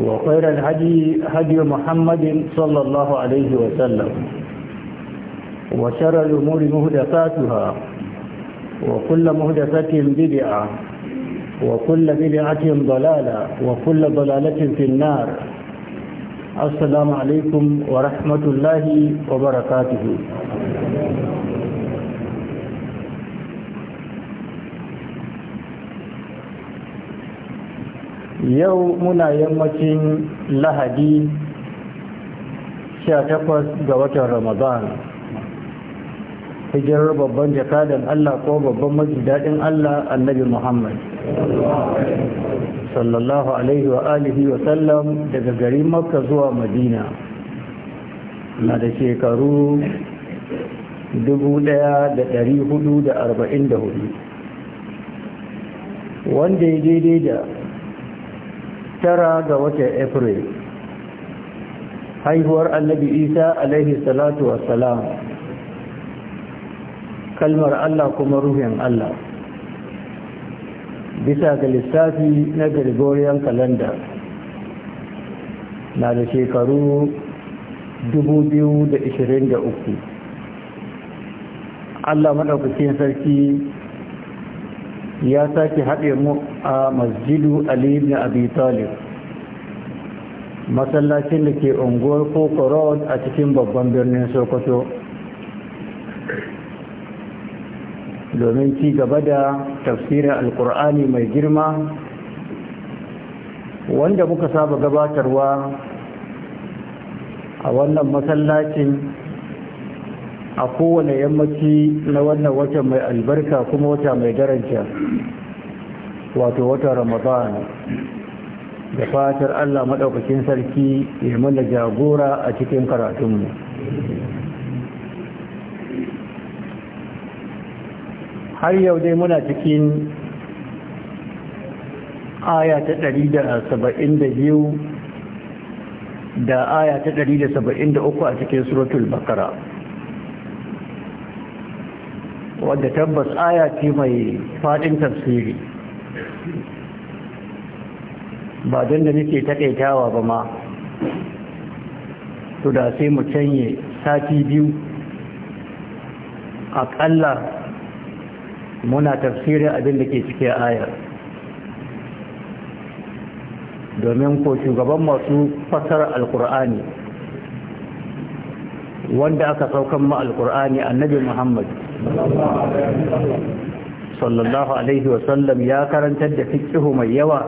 وخير الهدي هدي محمد صلى الله عليه وسلم وشر الأمور مهدفاتها وكل مهدفة بدعة وكل بدعة ضلالة وكل ضلالة في النار السلام عليكم ورحمة الله وبركاته yau muna yammacin lahadi 18 ga watan ramadan hijirar babban jakadan Allah ko babban majidadin Allah annabi Muhammad sallallahu alaihi wa alihi wa sallam daga garin Makka zuwa Madina na da shekaru 1444 wanda ya daidai da tara ga watan april haihuwar annabi isa alaihi salatu wassalam kalmar allah kuma ruhin allah bisa ga lissafi na gregorian calendar na da shekaru 2023 allah maɗaukacin sarki ya sake haɗe mu a masjidu ali ibn abi talib masallacin da ke unguwar koko road a cikin babban birnin sokoto domin ci gaba da tafsirin alkur'ani mai girma wanda muka saba gabatarwa a wannan masallacin a kowane yammaci na wannan wata mai albarka kuma wata mai daraja wato wata ramadan da fatar allah maɗaukakin sarki ya mana jagora a cikin karatunmu har yau dai muna cikin aya ta 172 da aya ta 173 a cikin suratul bakara wadda tabbas aya ce mai fadin tafsiri ba don da nake takaitawa ba ma to da sai mu canye sati biyu aƙalla muna tafsirin abin da ke cike ayar domin ko shugaban masu fasar alkur'ani wanda aka saukan ma alkur'ani annabi muhammad sallallahu alaihi wasallam ya karantar da fikihu mai yawa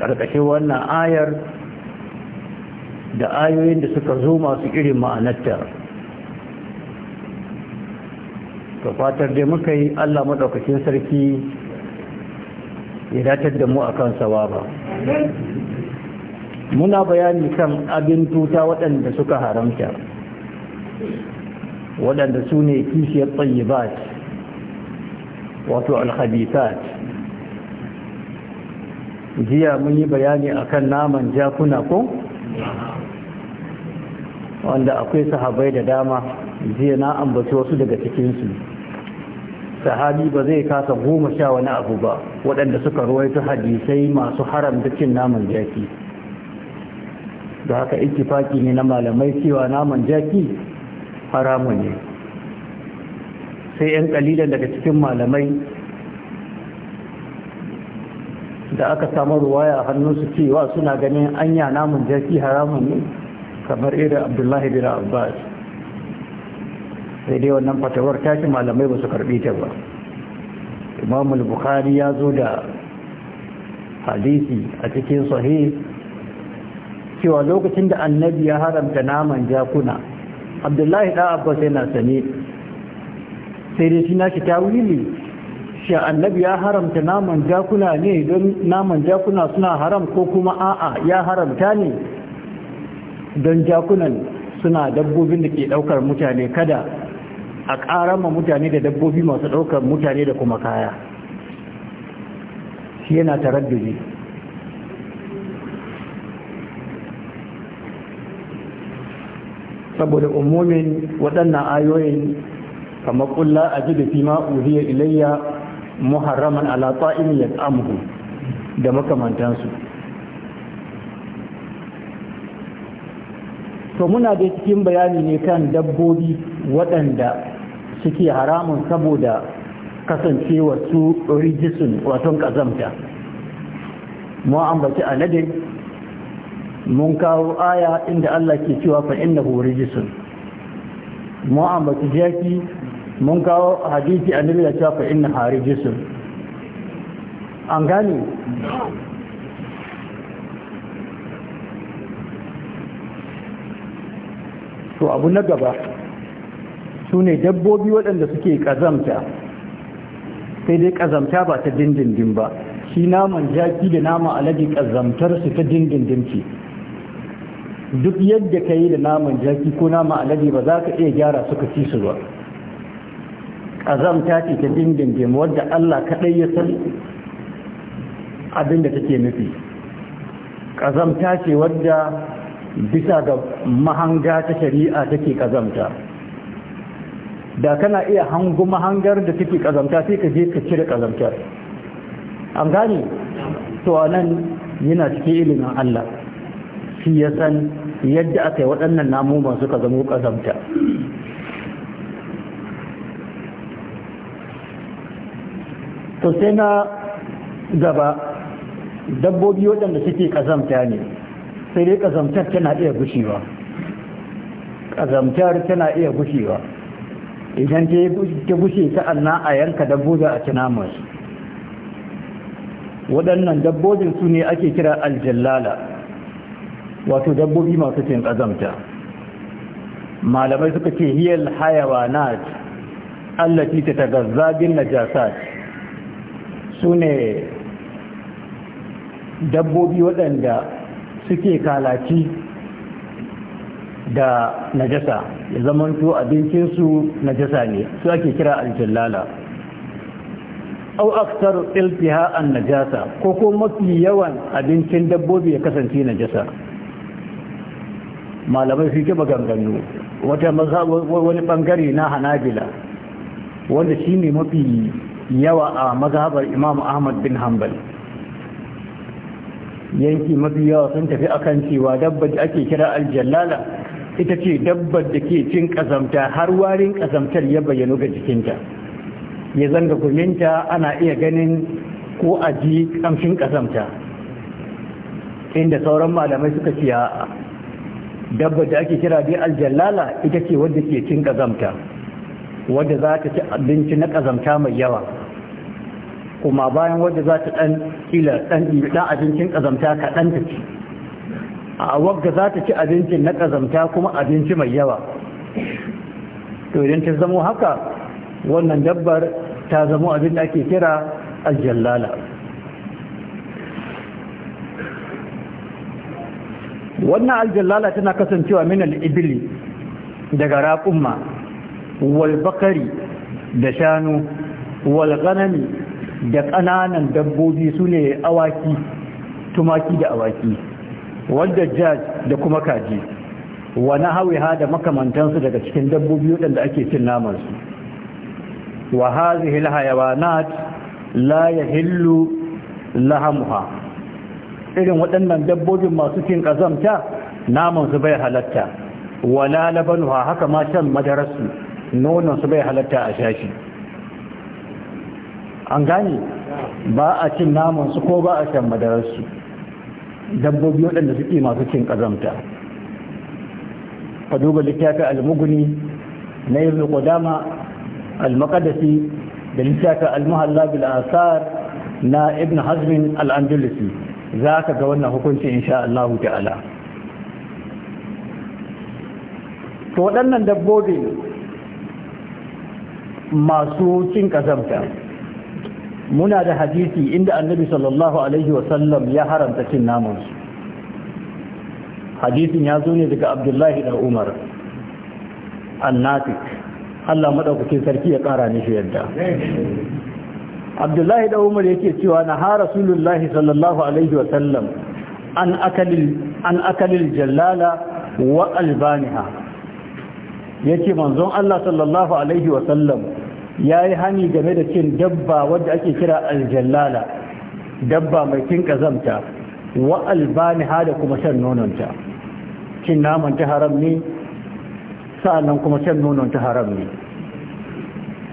ƙarƙashin wannan ayar da ayoyin da suka zo masu irin ma'anarta ta fatar dai muka yi allah maɗaukacin sarki ya datar da mu a kan sawaba muna bayani kan abin tuta waɗanda suka haramta waɗanda su ne kishiyar tsayyibat wato alhabisat jiya mun yi bayani akan naman jakuna ko wanda akwai sahabai da dama jiya na ambaci wasu daga cikinsu sahabi ba zai kasa goma sha wani abu ba waɗanda suka ruwaito hadisai masu haramta cin naman jaki da haka ikifaki ne na malamai cewa naman jaki haramun ne sai 'yan kalilan daga cikin malamai da aka samu ruwaya a su cewa suna ganin anya namun jaki haramun ne kamar irin abdullahi bin abbas sai dai wannan fatawar tashi malamai ba su karbi ta ba imamul bukhari ya zo da hadisi a cikin sahih cewa lokacin da annabi ya haramta naman jakuna abdullahi ɗan abbas yana sane sai dai shi nashi ta wili shi annabi ya haramta naman jakuna ne don naman jakuna suna haram ko kuma a'a ya haramta ne don jakunan suna dabbobin da ke ɗaukar mutane kada a ƙarama mutane da dabbobi masu ɗaukar mutane da kuma kaya shi yana taraddudi saboda umumin waɗannan ayoyin kama ƙulla a ji da fi ma'uriya ilayya muharraman alaƙa'in ya tsamuhu da makamantansu to muna da cikin bayani ne kan dabbobi waɗanda suke haramun saboda kasancewa su rijisun waton ƙazamta mu ambaci nadin mun kawo aya inda Allah ke cewa fa innahu rijisun mu ambaci jaki mun kawo hadisi annabi da cewa fa innaha rijsun an gane to abu na gaba su ne dabbobi waɗanda suke ƙazamta sai dai ƙazamta ba ta dindindin ba shi naman jaki da nama alaji, ƙazamtar su ta dindindin ce duk yadda ka yi da naman jaki ko nama alade ba za ka iya gyara suka fi su ba ta ce ta dindindin wadda Allah kaɗai ya san abin take nufi ta ce wadda bisa ga mahanga ta shari'a take ƙazamta da kana iya hangu mahangar da take ƙazamta sai ka je ka cire ƙazamtar an gani to a nan yana cikin ilimin Allah shi ya san yadda aka yi waɗannan namuma suka zama ƙazamta to sai na gaba dabbobi waɗanda suke ƙazamta ne sai dai ƙazamtar tana iya gushewa ƙazamtar tana iya gushewa idan ta gushe sa'annan a yanka dabbobi a ci namansu waɗannan dabbobin su ne ake kira aljallala wato dabbobi masu cin ƙazamta malamai suka ce hiyar hayawanat allafi ta tagazzabin najasat su ne dabbobi waɗanda suke kalaci da najasa ya zamanto abincinsu najasa ne su ake kira aljallala au iltiha iltiha'an najasa ko ko mafi yawan abincin dabbobi ya kasance najasa malamai su ke maganganu wata wani bangare na hanabila wanda shi ne mafi yawa a mazhabar imam ahmad bin hanbal yanki mafi yawa sun tafi akan cewa dabba da ake kira aljallala ita ce dabbar da ke cin kazamta har warin kazamtar ya bayyano ga jikinta ya zanga kuminta ana iya ganin ko a ji kamshin kazamta inda sauran malamai suka ce dabba da ake kira dai aljallala ita ce wadda ke cin kazamta wadda za ta ci abinci na kazamta mai yawa kuma bayan wadda za ta ɗan kila ɗan dan abincin kazamta kaɗan ta ci a wadda za ta ci abincin na kazamta kuma abinci mai yawa to idan ta zamo haka wannan dabbar ta zamo abin da ake kira aljallala wannan aljallala tana kasancewa min al-ibli daga raqumma walbakari da shanu wal da ƙananan dabbobi sune awaki tumaki da awaki wal jaj da kuma kaji wa ha da makamantansu daga cikin dabbobi waɗanda ake cin naman su wa hadhihi al-hayawanat la yahillu lahamuha irin waɗannan dabbobin masu cin ƙazamta naman su bai halatta wala labanuwa haka ma can madararsu nonon su bai halatta a shashi an gane ba a cin naman su ko ba a can madararsu dabbobi waɗanda suke masu cin ƙazamta ka duba littafin almuguni na yin qudama al da littafin al-muhalla al asar na ibn hazmin al za ka ga wannan hukunci insha Allah ta'ala to waɗannan dabbobi masu cin ƙazamta muna da hadisi inda annabi sallallahu alaihi wasallam ya haramta cin namansu hadisin ya zo ne daga abdullahi da umar annatik Allah maɗaukakin sarki ya ƙara shi yadda abdullahi da umar yake cewa na ha rasulullahi sallallahu alaihi wa sallam an akalil an jallala wa albaniha ya ce manzon Allah sallallahu alaihi wa sallam yi hani game da cin dabba wadda ake kira aljallala dabba mai kin ƙazamta wa albaniha da kuma shan nononta cin naman ta haram ne sa'annan kuma shan nononta ta haram ne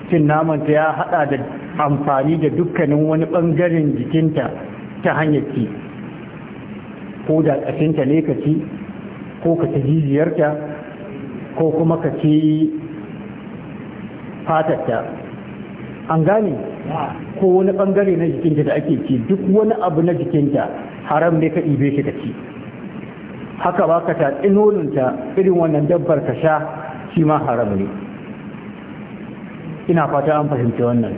cin naman ta ya hada da amfani da dukkanin wani ɓangaren jikinta ta hanyar ci ko da ƙashinta ne ka ci ko ka ci jijiyarta ko kuma ka ci fatarta an gane ko wani ɓangare na jikinta da ake ci duk wani abu na jikinta haram ne ka ibe shi ka ci haka ba ka ta nolinta irin wannan dabbar ka sha shi ma haram ne ina fata an fahimci wannan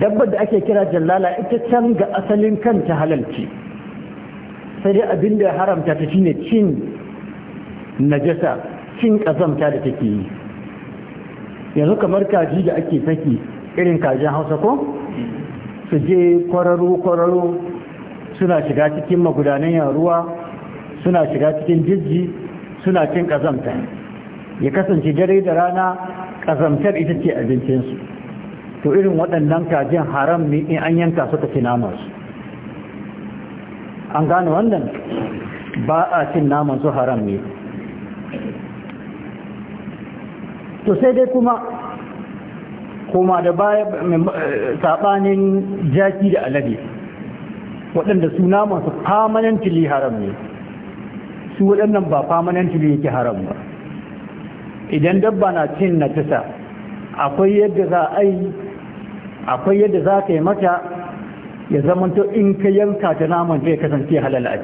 dabbar da ake kira jallala ita can ga asalin kanta halalci sai dai abin da ya haramta ta shine cin najasa cin kazamta da take yi yanzu kamar kaji da ake saki irin kajin hausa ko su je kwararo-kwararo suna shiga cikin magudanan ruwa suna shiga cikin jirgi suna cin kazamta ya kasance dare da rana kazamtar ita ce abincinsu to irin waɗannan kajin haram ne in an yanka suka ci namansu, an gane wannan ba a cin namansu su haram ne to sai dai kuma kuma da baya saɓanin jaki da alade waɗanda su namansu su haram ne su waɗannan ba permanently yake haram ba idan dabba na cin na tisa akwai yadda za a yi akwai yadda za ka yi mata ya zamanto in ka yanka ta naman zai kasance halal a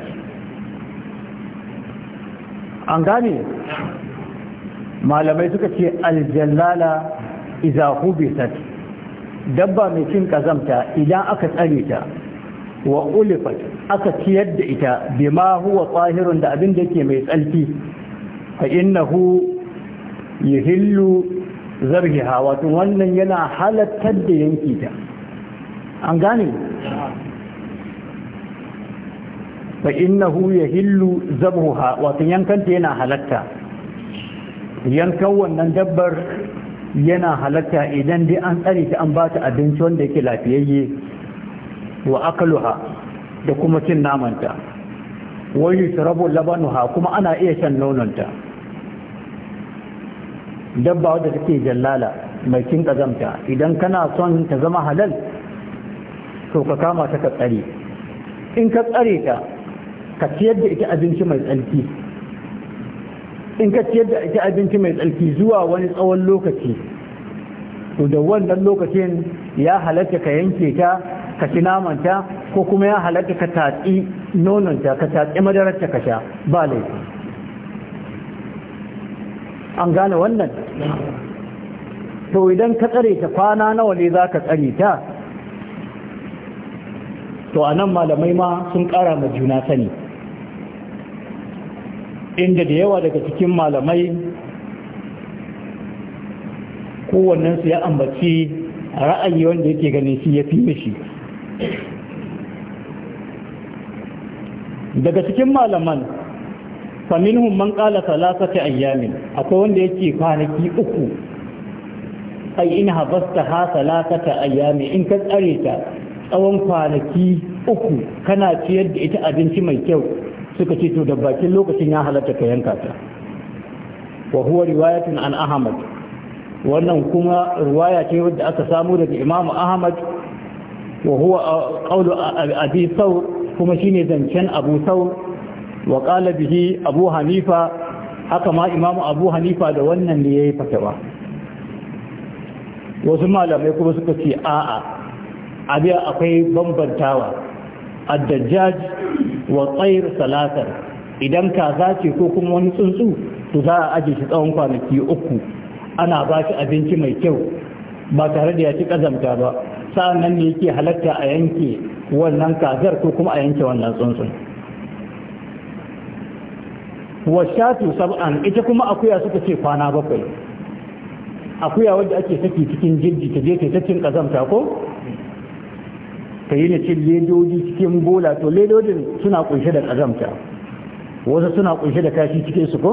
an gane malamai suka ce aljallala izahu hubisat dabba mai cin kazamta idan aka tsare ta wa ulifat aka ciyar da ita bima huwa tsahirun da abin da yake mai tsalfi fa innahu yihillu zarhiha wato wannan yana halattar da yanki ta an gane fa innahu yahillu zabuha wato yankanta yana halatta yankan wannan dabbar yana halatta idan dai an tsare ta an ba ta abinci wanda yake lafiyayye wa akaluha da kuma cin namanta wani shirabu labanuha kuma ana iya shan nononta dabba wadda take jallala mai cin kazamta idan kana son ta zama halal to ka kama ta ka tsare in ka tsare ta ka ciyar da ita abinci mai tsarki in ka ciyar da ita abinci mai tsarki zuwa wani tsawon lokaci to da wannan lokacin ya halarta ka yanke ta ka ci namanta ko kuma ya halarta ka tatsi nononta ka tatsi madararta ka sha ba laifi an gane wannan to idan ka tsare ta kwana nawa ne za ka tsare ta to a nan malamai ma sun ƙara ma juna sani inda da yawa daga cikin malamai kowannensu ya ambaci ra'ayi wanda yake ganin shi ya fi mishi daga cikin malaman faminhum man qala thalathati ayyamin akwai wanda yake kwanaki uku ai in habasta ha thalathati ayyami in ka tsare ta tsawon kwanaki uku kana ciyar da ita abinci mai kyau suka ce to da bakin lokacin ya halatta ka yanka ta wa huwa riwayatun an ahmad wannan kuma riwaya ce wadda aka samu daga imamu ahmad wa huwa qawlu abi thawr kuma shine zancen abu thawr wa qala bihi abu hanifa haka ma imamu abu hanifa da wannan ne yayi fatawa wasu malamai kuma suka ce a'a abiya akwai bambantawa addajjaj wa tsayir salatar idan kaza ce ko kuma wani tsuntsu to za a aje shi tsawon kwanaki uku ana ba shi abinci mai kyau ba tare da ya ci kazamta ba sa'an nan ne yake halatta a yanke wannan kazar ko kuma a yanke wannan tsuntsun wa shatu sab'an ita kuma akuya suka ce kwana bakwai akuya wadda ake saki cikin jirgi ta je ta cikin kazamta ko ta yi cin ledoji cikin bola to ledojin suna kunshe da kazamta wasu suna kunshe da kashi cikin su ko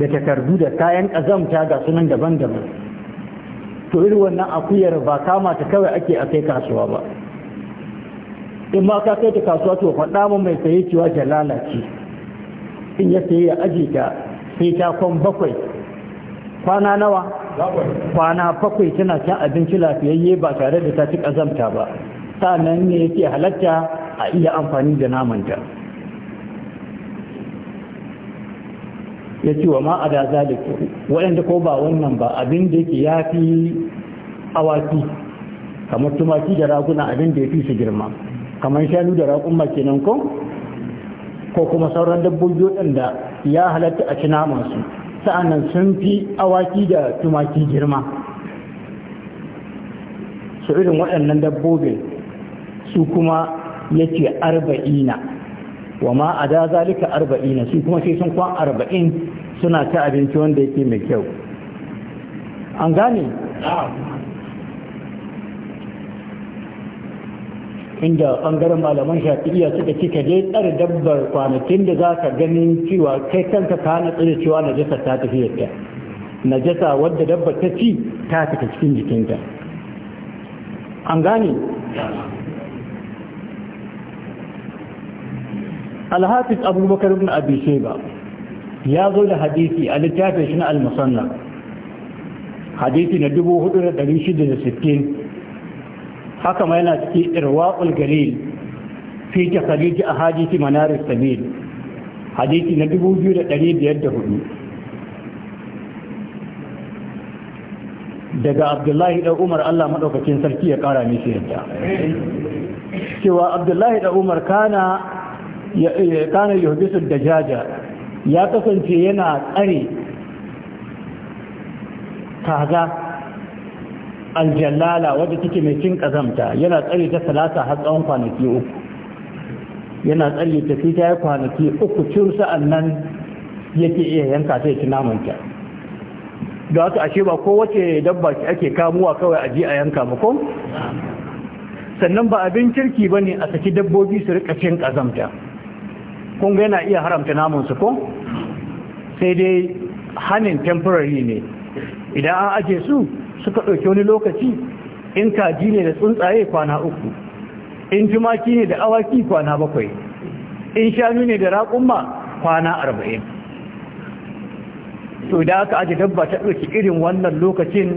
da takardu da kayan kazamta ga sunan daban-daban to irin wannan akuyar ba kama ta kawai ake a kai kasuwa ba in ma ka kai ta kasuwa to faɗa mu mai sayi cewa jalala ce in yake ya aji ta sai ta kon bakwai kwana nawa kwana bakwai tana cin abinci lafiyayye ba tare da ta ci ƙazamta ba nan ne yake halatta a iya amfani da namanta ya ce wa ma'ada zaliku waɗanda ko ba wannan ba abin da yake yafi fi awaki kamar tumaki da raguna abin da ya fi su girma kamar shanu da raƙumma kenan ko ko kuma sauran dabbobi waɗanda ya halatta a ci namansu sa'annan sun fi awaki da tumaki girma su irin waɗannan dabbobi su kuma yake arba'ina wa ma a da zalika arba'ina su kuma sai sun kwan arba'in suna ta abinci wanda yake mai kyau an gane inda bangaren malaman shafi'iya suka ci ka je tsare dabbar kwanakin da za ka ganin cewa kai kanka ka hana tsare cewa najasa ta tafi yadda najasa wadda dabba ta ci ta fita cikin jikinta an gane alhafiz abubakar ibn abi sheba ya zo da hadisi a littafin shi na al-musannaf hadisi na 4660 haka ma yana cikin irwa'ul galil fi tasaliji a hadisi manarar sabil hadisi na 2504 daga abdullahi da umar allah maɗaukacin sarki ya ƙara mishi yadda cewa abdullahi da umar kana hudu da jaja ya kasance yana tsare kaza aljallala wadda take mai cin kazamta yana tsare ta talata har tsawon kwanaki uku yana tsare ta fi ta kwanaki uku cin sa'an nan yake iya yanka ta ci namanta da haka ashe ba kowace wace dabba ce ake kamuwa kawai a a yanka ba ko sannan ba abin kirki ba ne a saki dabbobi su rika cin kazamta kun yana iya haramta namansu ko sai dai hannun temporary ne idan an aje su suka ɗauki wani lokaci in kaji ne da tsuntsaye kwana uku in tumaki ne da awaki kwana bakwai in shanu ne da raƙumma kwana arba'in to da aka aji dabba ta ɗauki irin wannan lokacin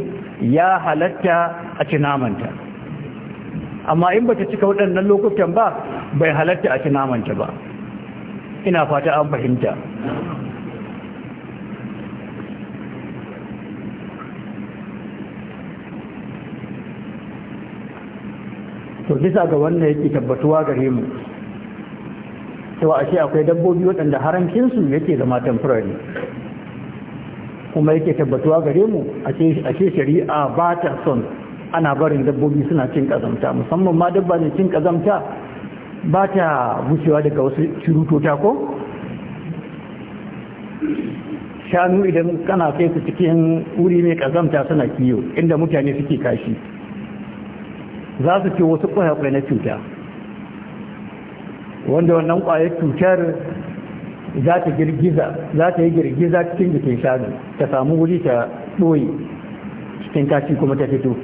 ya halatta a cinamanta amma in ba ta cika waɗannan lokutan ba bai halatta a cinamanta ba ina fata an fahimta to bisa ga wannan yake tabbatuwa gare mu cewa ashe akwai dabbobi waɗanda haramcinsu yake zama temporary kuma yake tabbatuwa gare mu ashe shari'a ba ta son ana barin dabbobi suna cin kazamta musamman ma dabba ne cin kazamta ba ta bushewa daga wasu shirutota ko shanu idan kana kai su cikin wuri mai kazamta suna kiyo inda mutane suke kashi za su ce wasu kwayakwai na cuta wanda wannan kwayar cutar za ta girgiza yi girgiza cikin jikin shanu ta samu wuri ta ɓoye cikin kashi kuma ta fito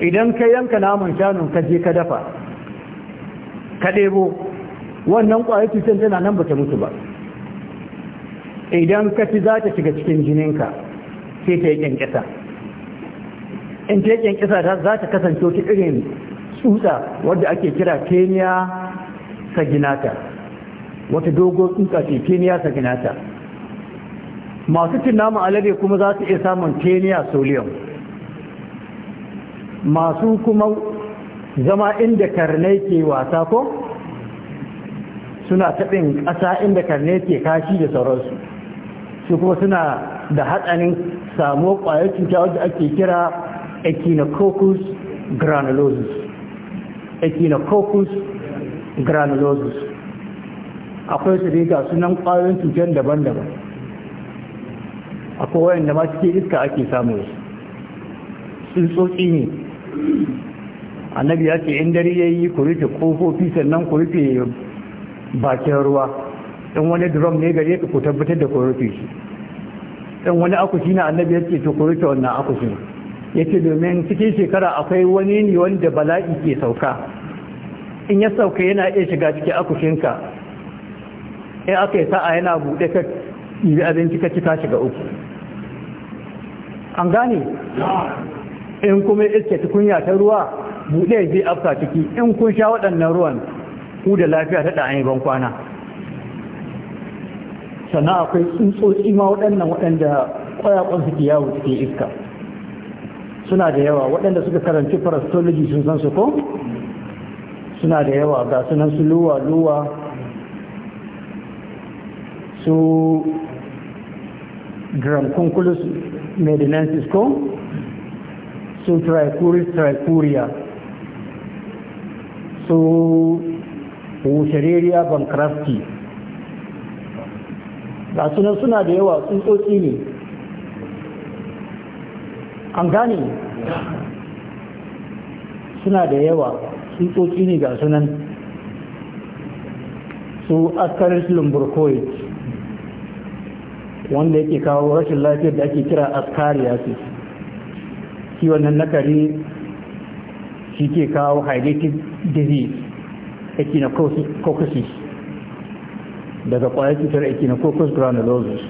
idan ka yanka naman shanun ka je ka dafa ka ɗebo wannan kwayar cutar tana nan ba ta mutu ba idan ka ci za ta shiga cikin jininka sai ta yi ƙyanƙyata in teken kisa ta za ta kasance wata irin tsutsa wadda ake kira kenya saginata wata dogo tsutsa ce kenya saginata masu cin naman alade kuma za su iya samun kenya solium masu kuma zama inda karnai ke wasa ko suna taɓin ƙasa inda karnai ke kashi da sauransu su kuma suna da haɗarin samu ƙwayar cuta wadda ake kira echinococcus granulosus echinococcus granulosus akwai su dai ga sunan ƙwayoyin cutar daban-daban akwai wayanda ma cikin iska ake samu su tsotsi ne annabi ya ce in dare ya yi ku kofofi ƙofofi sannan ku rufe bakin ruwa ɗan wani drum ne gare ku tabbatar da ku rufe shi Ɗan wani akushi na annabi ya ce to ku wannan akushi ce domin cikin shekara akwai wani ne wanda bala'i ke sauka in ya sauka yana iya shiga cikin akushinka in aka yi sa'a yana buɗe ka ɗibi abinci ka cika shiga uku an gane in kuma iske tukunya ta ruwa buɗe zai afka ciki in kun sha waɗannan ruwan ku da lafiya ta ɗa'ayi ban kwana sannan akwai tsuntsotsi ma waɗannan waɗanda ƙwayaƙon suke yawo cikin iska suna da yawa waɗanda suka karanci forestology sun san su ko suna da yawa ga sunan su luwa luwa su gramkunculus medinensis ko su Tricuris tricuria, su wucereria bankrafti ga sunan suna da yawa tsuntsotsi ne an gane suna da yawa tsutsotsi ne ga sunan su askaris lumburkoid wanda yake kawo rashin lafiyar da ake kira askariyasis shi wannan nakari shi ke kawo hydrated disease echinococcus daga kwayar cutar echinococcus granulosis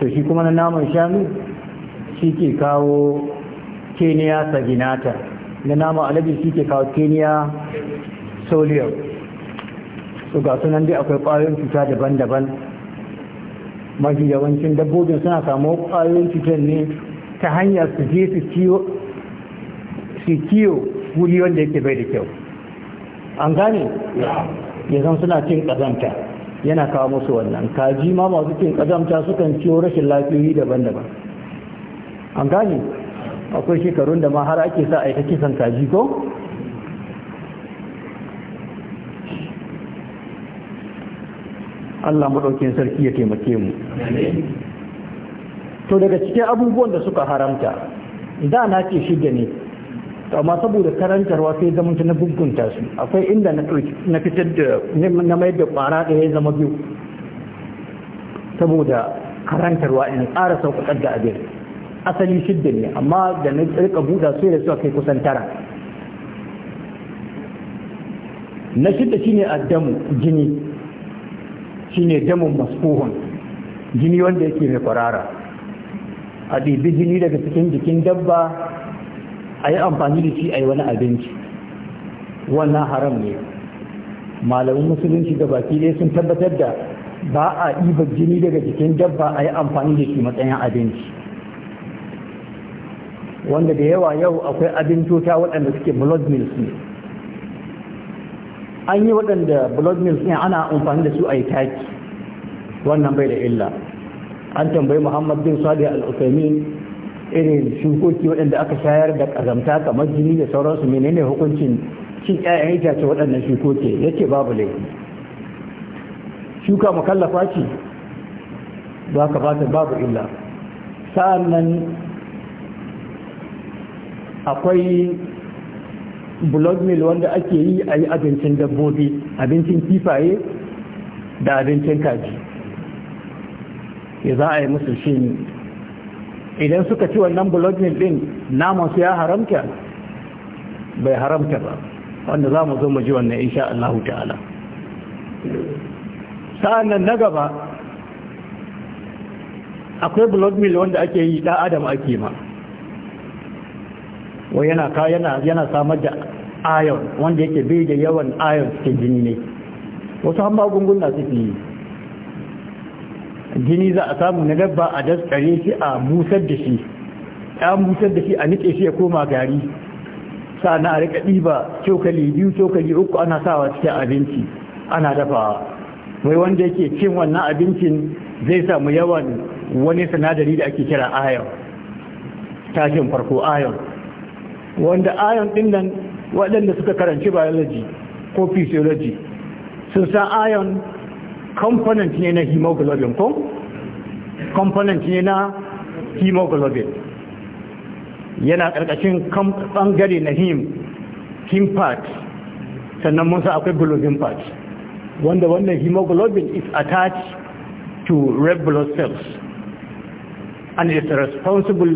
to shi kuma na naman shanu shi ke kawo keniya saginata da nama alabi shi ke kawo keniya soliyar su ga sunan dai akwai ƙwayoyin cuta daban-daban mafi yawancin dabbobin suna samu ƙwayoyin cutar ne ta hanyar su je su kiyo wuri wanda yake bai da kyau an gane ya zan suna cin kazanta yana kawo musu wannan kaji ma masu cin kazanta sukan ciyo rashin lafiyoyi daban-daban an gane akwai shekarun da ma har ake sa a yi ta kisan kaji ko Allah maɗaukin sarki ya taimake mu to daga cikin abubuwan da suka haramta da na ce shida ne amma saboda karantarwa sai zamanta na bugunta su akwai inda na fitar da na mayar da ƙwara da ya zama biyu saboda karantarwa in ƙara sauƙaƙar da abin asali shidda ne amma da na rika buɗa su da suka kai kusan tara na shidda shine damu jini shine damun Mas'uhun, jini wanda yake mai kwarara a ɗibi jini daga cikin jikin dabba a yi amfani da shi a yi wani abinci wannan haram ne malamin musulunci da baki ɗaya sun tabbatar da ba a ɗiba jini daga jikin dabba a yi amfani da shi matsayin abinci wanda da yawa yau akwai abin tuta waɗanda suke blood mills ne an yi waɗanda blood mills ne ana amfani da su a yi taki wannan bai da illa an tambayi muhammad bin sadi al-usaimin irin shukoki waɗanda aka shayar da ƙazamta kamar jini da sauransu menene hukuncin cin ƴaƴan itace waɗannan shukoki yake babu laifi shuka mukallafa ce ba ka ba babu illa sa'annan akwai blood meal wanda ake yi a yi abincin dabbobi abincin kifaye da abincin kaji ya za a yi musu shi ne idan suka ci wannan blood meal din naman su ya haramta bai haramta ba wanda za mu zo mu ji wannan insha Allah ta'ala sa'an nan na gaba akwai blood mil wanda ake yi da adam ake ma wai yana ka yana yana samar da iron wanda yake bai da yawan iron cikin jini ne wasu an na suke yi jini za a samu na dabba a daskare shi a busar da shi Ya busar da shi a nike shi ya koma gari na a rika ɗiba cokali biyu cokali uku ana sawa cikin abinci ana dafawa wai wanda yake cin wannan abincin zai samu yawan wani sinadari da ake kira ayon tashin farko ayon wanda ayon din nan waɗanda suka karanci biology ko physiology sun san ayon component ne na hemoglobin ko component ne na hemoglobin yana ƙarƙashin ɓangare na him him part sannan mun sa akwai globin part wanda wannan hemoglobin is attached to red blood cells and is responsible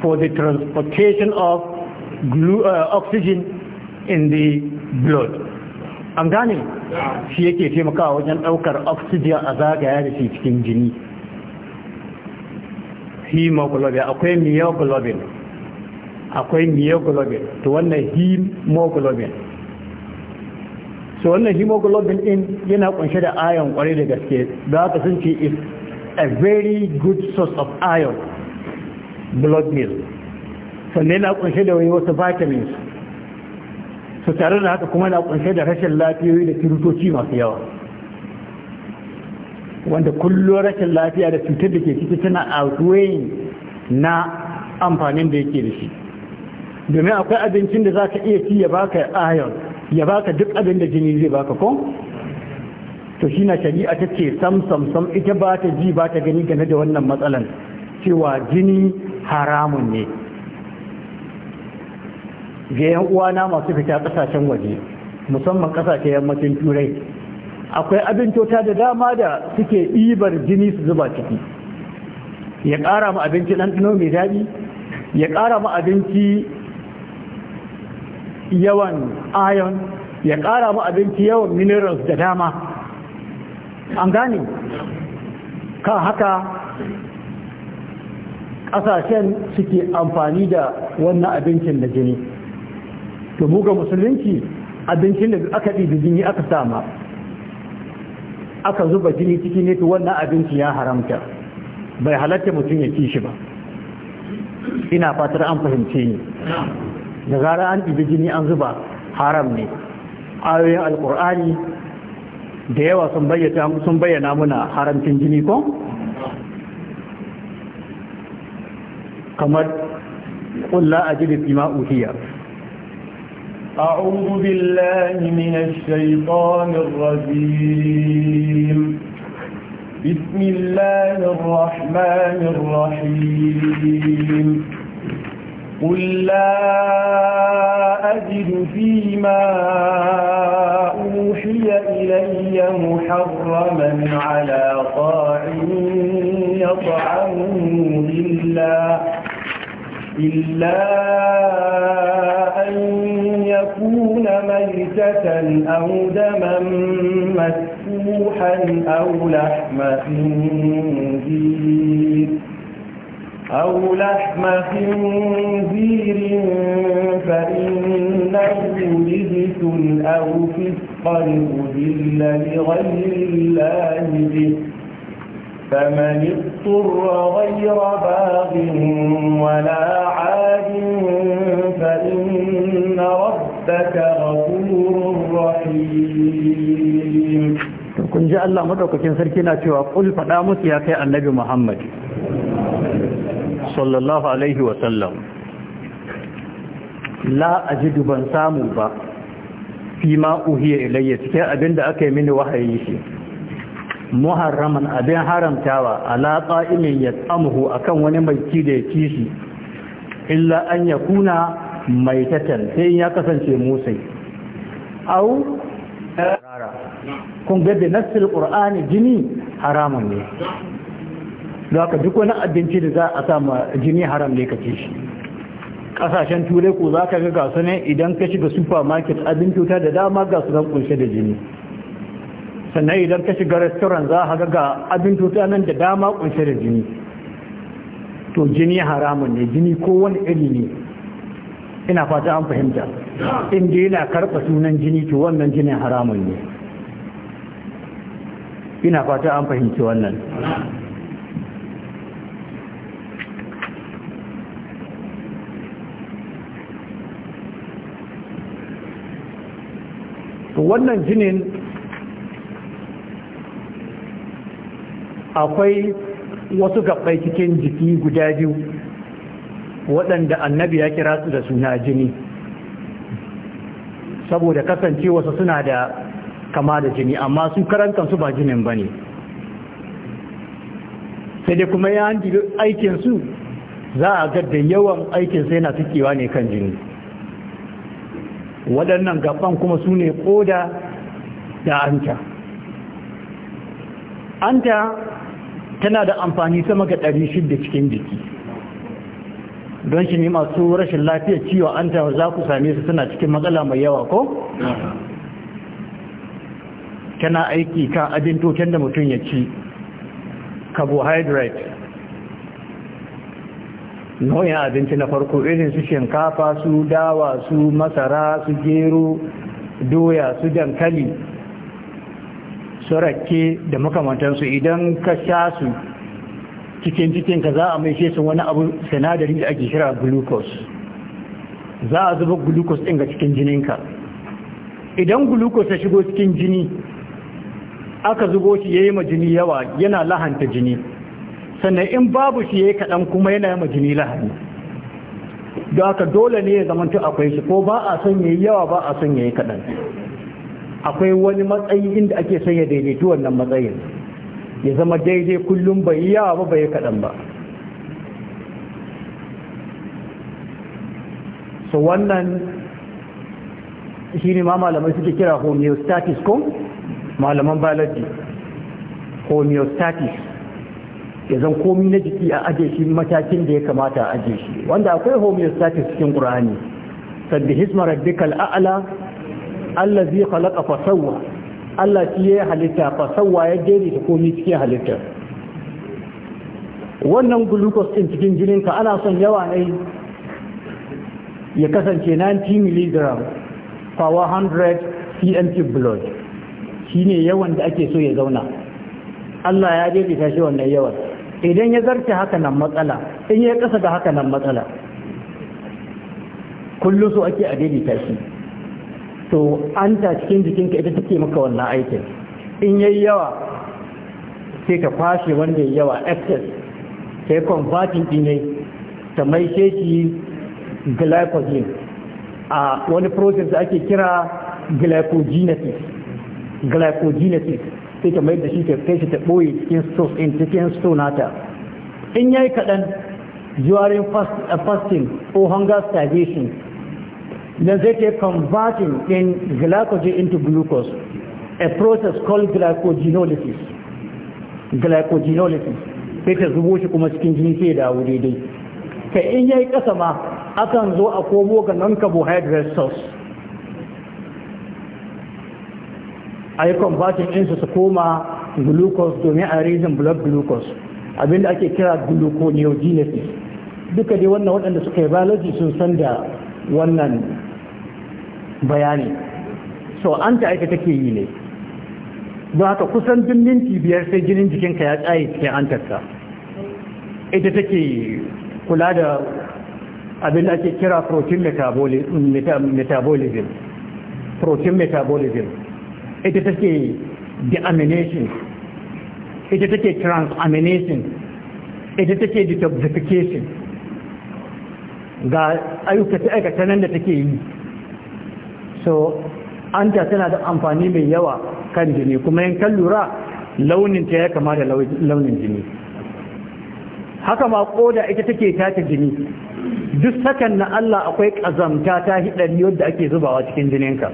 for the transportation of uh, oxygen in the blood an gane shi yake taimakawa wajen daukar oxygen a zagaya da shi cikin jini hemoglobin akwai myoglobin akwai myoglobin to wannan hemoglobin so wannan hemoglobin din yana kunshe da iron kwarai da gaske da haka sun ce is a very good source of iron blood meal sannan na kunshe da wasu vitamins su tare da haka kuma na kunshe da rashin lafiyoyi da cutoci masu yawa wanda kullum rashin lafiya da cutar da ke ciki tana outweighing na amfanin da yake da shi domin akwai abincin da za ka iya ci ya baka iron ya baka duk abin da jini zai baka ko to shi na shari'a ta ce sam sam sam ita ba ta ji ba ta gani game da wannan matsalan cewa jini haramun ne ga yan uwana masu fita kasashen waje musamman kasashe yammacin turai akwai abincota da dama da suke ibar jini su zuba ciki ya ƙara ma abinci ɗanɗano mai daɗi ya ƙara ma abinci yawan iron ya ƙara ma abinci yawan minerals da dama an gane kan haka ƙasashen suke amfani da wannan abincin da jini to mu ga musulunci abincin da aka ɗibi jini aka sama aka zuba jini ciki ne ta wannan abinci ya haramta bai halatta mutum ya ci shi ba ina fatar an fahimce ni da gara an ɗibi jini an zuba haram ne ayoyin alƙur'ani da yawa sun bayyana muna haramcin jini ko kamar ƙulla a jirgin ma uhiya أعوذ بالله من الشيطان الرجيم بسم الله الرحمن الرحيم قل لا أجد فيما أوحي إلي محرما على طاعم يطعمه إلا إلا أن يكون ميتة أو دما مسفوحا أو لحم خنزير أو لحم خنزير فإنه لبس أو فسق أهل لغير الله به فمن اضطر غير باغ ولا عاد فإن ربك غفور رحيم kun ji Allah maɗaukacin sarki na cewa kul faɗa musu ya kai annabi Muhammad sallallahu alaihi wa sallam la ajidu ban samu ba fi ma ya ilayya cikin abinda aka yi mini wahayi shi muharraman abin haramtawa ala qa'imin yatsamuhu akan wani mai ci da yake shi illa an yakuna maitatan sai ya kasance musai au kun ga da nassil qur'ani jini haramun ne ka duk wani abinci da za a sama jini haram ne kace shi kasashen turai ko zaka ga gasu ne idan ka shiga supermarket abin cuta da dama gasu nan kunshe da jini sannan idan ka shiga restoran za a ga abin tuta nan da dama kunshe da jini to jini haramun ne jini ko Wani iri ne ina fata an fahimta inda yana karɓa sunan jini to wannan jinin haramun ne ina fata an fahimci wannan wannan jinin akwai wasu gabbai cikin jiki guda biyu waɗanda annabi ya kira su da suna jini saboda kasance wasu suna da kama da jini amma su su ba jinin ba ne sai dai kuma ya hanji aikinsu za a ga da yawan aikinsu yana tukewa ne kan jini waɗannan gaban kuma su ne ƙoda da anta anta tana da amfani sama ga ɗari 600 cikin jiki don shi ne masu rashin lafiya ciwo an ta za ku same su suna cikin matsala mai yawa ko? tana aiki kan abin token da mutum ya ci carbohydrate nau'in abinci na farko irin su shinkafa su dawa su masara su gero doya su dankali su da makamantansu idan ka sha su cikin cikin ka za a mai su wani abu sinadari da ake shira glucose za a zuba glucose ɗin ga cikin jininka idan glucose ta shigo cikin jini aka zubo shi ya yi ma yawa yana lahanta jini sannan in babu shi ya yi kaɗan kuma yana yi ma jini lahani da aka dole ne ya zamanta akwai shi ko ba a son ya yi yawa ba a son ya yi kaɗan akwai wani matsayi inda ake sanya daidaitu wannan matsayin ya zama daidai kullum bai yawa ba bai kaɗan ba so wannan shi ne ma malamai suke kira homeostatis ko malaman biology homeostatis ya zan komi na jiki a ajiye shi matakin da ya kamata a ajiye shi wanda akwai homeostatis cikin ƙur'ani sabbi hisma rabbikal a'la Allah zai halaka fasawa Allah shi ya halitta fasawa ya jeri ta komi cikin halitta wannan glucose din cikin jininka ana son yawa ne ya kasance 90 mg per 100 cm blood shine yawan da ake so ya zauna Allah ya jeri ta shi wannan yawan idan ya zarce haka nan matsala in ya kasa da haka nan matsala kullum su ake a daidaita shi to an ta cikin jikinka ita take maka wannan aikin in yayi yawa sai ka kwashe wanda yayi yawa excess sai converting din ne ta mai sheki glycogen a wani process da ake kira glycogenesis glycogenesis sai ta mai da shi ta kai shi ta boye cikin stone in cikin stone nata in yayi kadan during uh, fasting or hunger starvation then they take converting in glycogen into glucose, a process called glycogenolysis. Glycogenolysis. Sai ta kuma cikin jini sai da wuri dai. Ka in yayi kasa ma akan zo a komo ga non-carbohydrate source. A yi converting insu su koma glucose domin a raising blood glucose abinda ake kira gluconeogenesis. Duka dai wannan waɗanda suka yi biology sun san da wannan bayani so an ta aika take yi ne don haka kusan duk minti biyar sai jinin jikinka ya tsaye an tarka ita take kula da abin da ake kira protein metabolism protein metabolism ita take deamination ita take transamination ita take detoxification ga ayyukata aikata nan da take yi so an ta tana da amfani mai yawa kan jini kuma in kan lura launin ta ya kama da launin jini haka ma koda ita take tace jini duk sakan na Allah akwai kazamta ta hidari yadda ake zubawa cikin jininka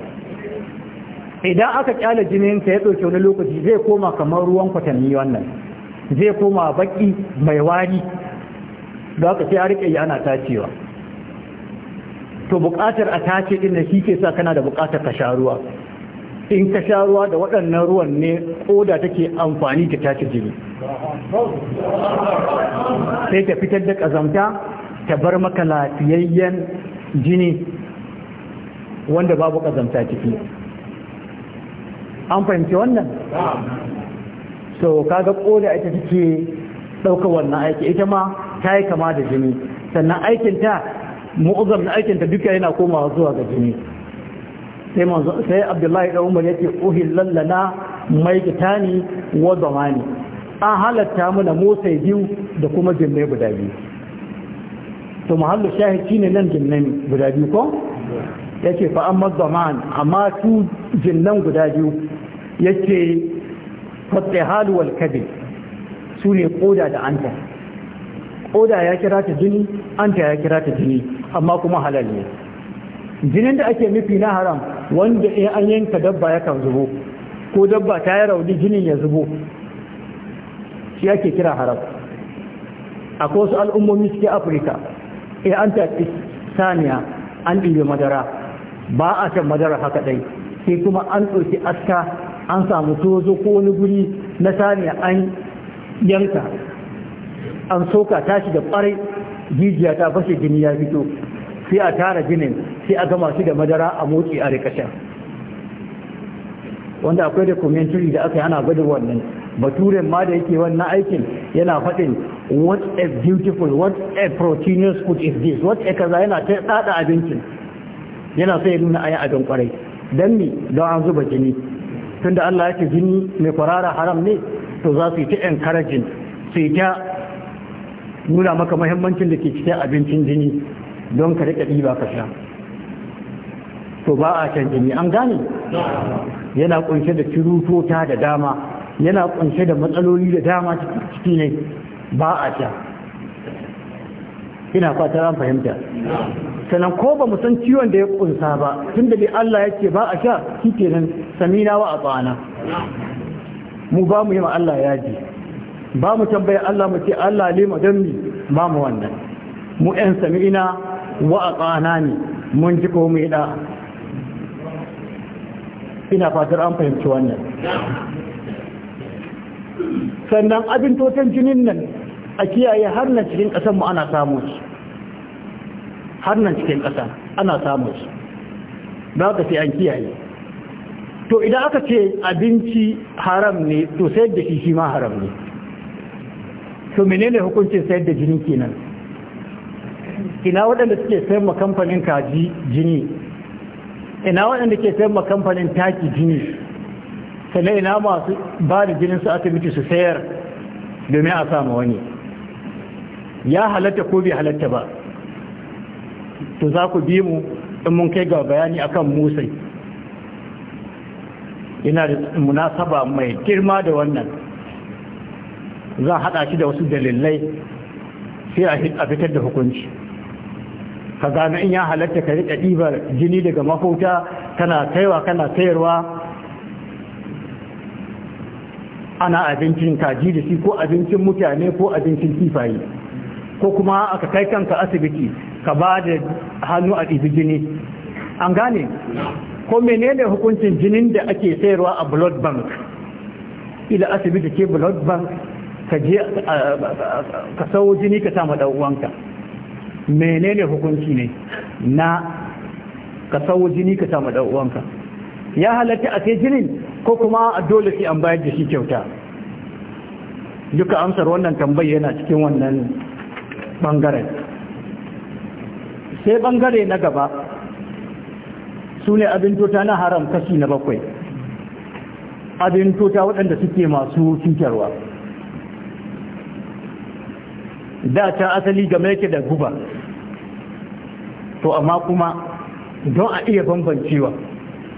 idan aka kyala jininka ya dauke wani lokaci zai koma kamar ruwan kwatanni wannan zai koma baki mai wari da aka sai a rike yana tacewa to buƙatar a tace din da shi ke sa kana da buƙatar ka sha ruwa in ka sha ruwa da waɗannan ruwan ne koda take amfani ta tace jini sai ta fitar da ƙazamta ta bar maka lafiyayyen jini wanda babu ƙazamta ciki an fahimci wannan so kaga koda ita take ɗauka wannan aiki ita ma ta yi kama da jini sannan aikinta mu'azzam na aikinta duka yana komawa zuwa ga jini sai manzo sai abdullahi da umar yake uhillal lana maikitani wa zamani an halatta mana motsa biyu da kuma jinnai guda biyu to mahallu shahid shine nan jinnai guda biyu ko yake fa amma zaman amma su jinnan guda biyu yake fatihalu wal kabir su koda da anta koda ya kira ta jini anta ya kira ta jini amma kuma halal ne jinin da ake nufi na haram wanda in an yanka dabba ya kan zubo ko dabba ta yi rauni jinin ya zubo shi ake kira haram a wasu al'ummomi suke afirka in eh, an ta saniya an ɗibe madara ba a can madara haka ɗai sai kuma an ɗauki aska an samu tozo ko wani guri na saniya an yanka an soka tashi da ƙwarai jijiya ta fashe jini ya fito sai a tara jinin sai a gama shi da madara a motsi a rikasha wanda akwai da commentary da aka yi ana gwada wannan baturen ma da yake wannan aikin yana faɗin what a beautiful what a proteinous food is this what a kaza yana ta tsada abincin yana sai ya nuna ayi abin kwarai dan ni don an zuba jini tunda Allah yake jini mai kwarara haram ne to za su yi ta encouraging su yi ta nuna maka mahimmancin da ke cikin abincin jini don ka riƙa ɗiba ka sha to ba a can jini an gane yana kunshe da cirutota da dama yana kunshe da matsaloli da dama ciki ne ba a sha ina fatar an fahimta sannan ko ba mu san ciwon da ya kunsa ba tun da dai Allah ya ce ba a sha shi nan, samina wa a tsana mu ba mu yi ma Allah yaji ba mu tambaya Allah mu ce Allah ne maganni ba mu wannan mu ƴan sami'ina wa a tsana ne mun ji ko mu da ina fatar an fahimci wannan sannan abin totan jinin nan a kiyaye har nan cikin ƙasar mu ana samu shi har nan cikin ƙasa ana samu shi ba ka sai an kiyaye to idan aka ce abinci haram ne to sai da shi shi ma haram ne to menene hukuncin sayar da jini kenan ina waɗanda suke sayar ma kamfanin kaji jini ina waɗanda ke sayar ma kamfanin taki jini sannan ina masu ba da jinin su asibiti su sayar domin a sama wani ya halatta ko bai halatta ba to za ku bi mu in mun kai ga bayani akan Musa? Ina da munasaba mai girma da wannan za a haɗa shi da wasu dalilai sai a fitar da hukunci ka gano in ya halatta ka riƙa ɗibar jini daga mafauta kana kaiwa kana kayarwa ana abincin kaji da shi ko abincin mutane ko abincin kifaye ko kuma aka kai kanka asibiti ka ba da hannu a ɗibi jini an gane ko menene hukuncin jinin da ake sayarwa a blood bank ila asibiti ke blood bank ka je ka sawo jini ka sama dan menene hukunci ne na ka sau jini ka sama dan ya halatta a sai jinin ko kuma dole sai an bayar da shi kyauta duka amsar wannan tambayi yana cikin wannan ɓangaren. sai ɓangare na gaba su ne abin tota na haram kashi na bakwai abin tota waɗanda suke masu cikarwa da ta asali game yake da guba to amma kuma don a iya bambancewa